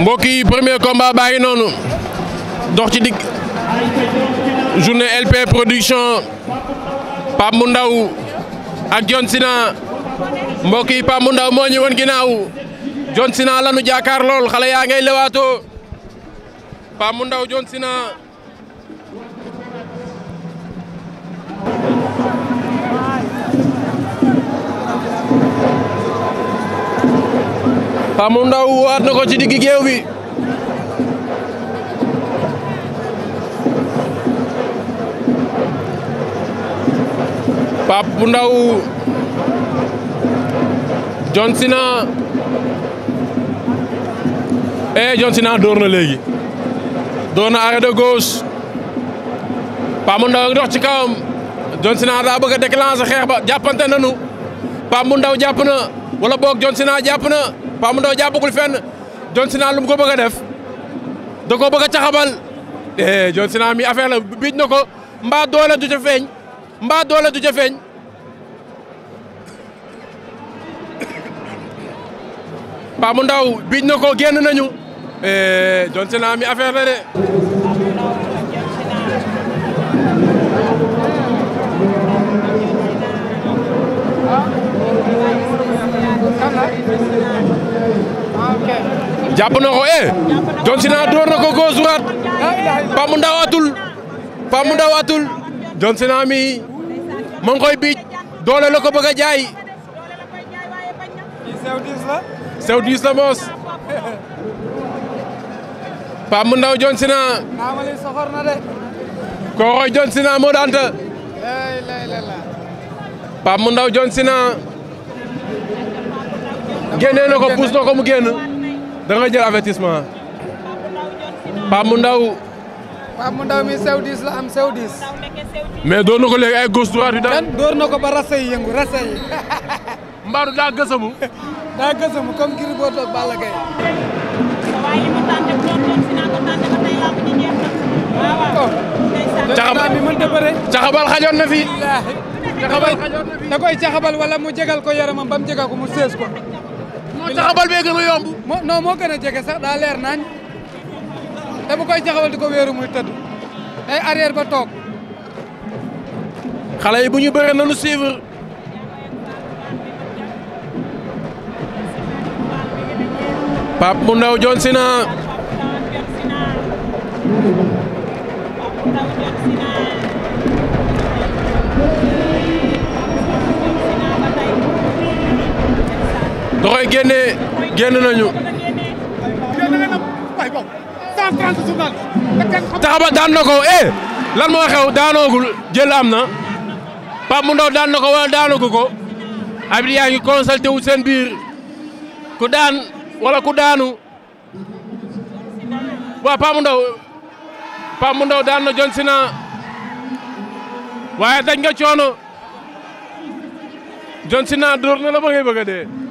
mbokk yi premier combat baa noonu dox ci dikk journée LP production Pape Bou Ndaw ak John Sina mbokk yi Pape Bou Ndaw moo ñu woon ginnaaw John Sina lanu jaakaar lool xale yaa ngay lewaatoo Pape Bou Ndaw John Sina Saamu Ndaw waat na ko ci diggi géew bi Pape bu Ndaw John Sina eh John Sina door na léegi door na arrêt de gauche Pape bu Ndaw dox ci kawam John Sina daa bëgg a xeex ba jàppante na Pape bu Ndaw jàpp na. wala boog John Sina jàpp na Pape Ndaw jàppagul fenn John Sina lu mu ko bëgg a def da koo bëgg a caxabal eh John mi affaire biij na ko mbaa doole du ca feeñ mbaa doole du ca feeñ. Pape Ndaw biij na ko génn nañu eh John mi affaire de. jàpp na ko eh. John Sina door na ko góosu waat Pape Bou Ndaw atul Pape Bou Ndaw atul John Sina mi koy biij doole la ko bëgg a jaay. sew diis la. sew diis la moos. Pape Bou Ndaw John Sina. naamali soxor na de. kooxoy moo daan ta. Pape Ndaw jon Sina. génnee na ko puus ko mu génn. da nga jël avertissement. Pape mu ndaw. Pape mu ndaw mi sew la am sew diis. mais na ko léegi ay gauche droite yu daal. kenn na ko ba rase yëngu rase yi. Mbaaru daa gësamu. daa gësamu comme Gris Bordeaux ba tey làmb ji jeex na. waaw xajoon na fi. da koy caxabal wala mu jegal ko yaramam ba mu jegal ko mu sées ko. bu taxawal bee gën a moo non jege sax daa leer nañ te bu koy taxawal di ko wéeru muy tëdd day arrière ba toog. xale bu ñu bëree nañu suivre. Pape bu ndaw John Sina. loxo yi génnee génn nañu. taxaba daan na ko eh lan moo xew daanoogul jël am na Pape mu ndaw daan na ko wala daanagu ko abit yaa ngi consulté wu seen biir ku daan wala ku daanu waaw Pape mu ndaw Pape mu ndaw daan na John Sina waaye dañ nga coono John Sina na la ba ngay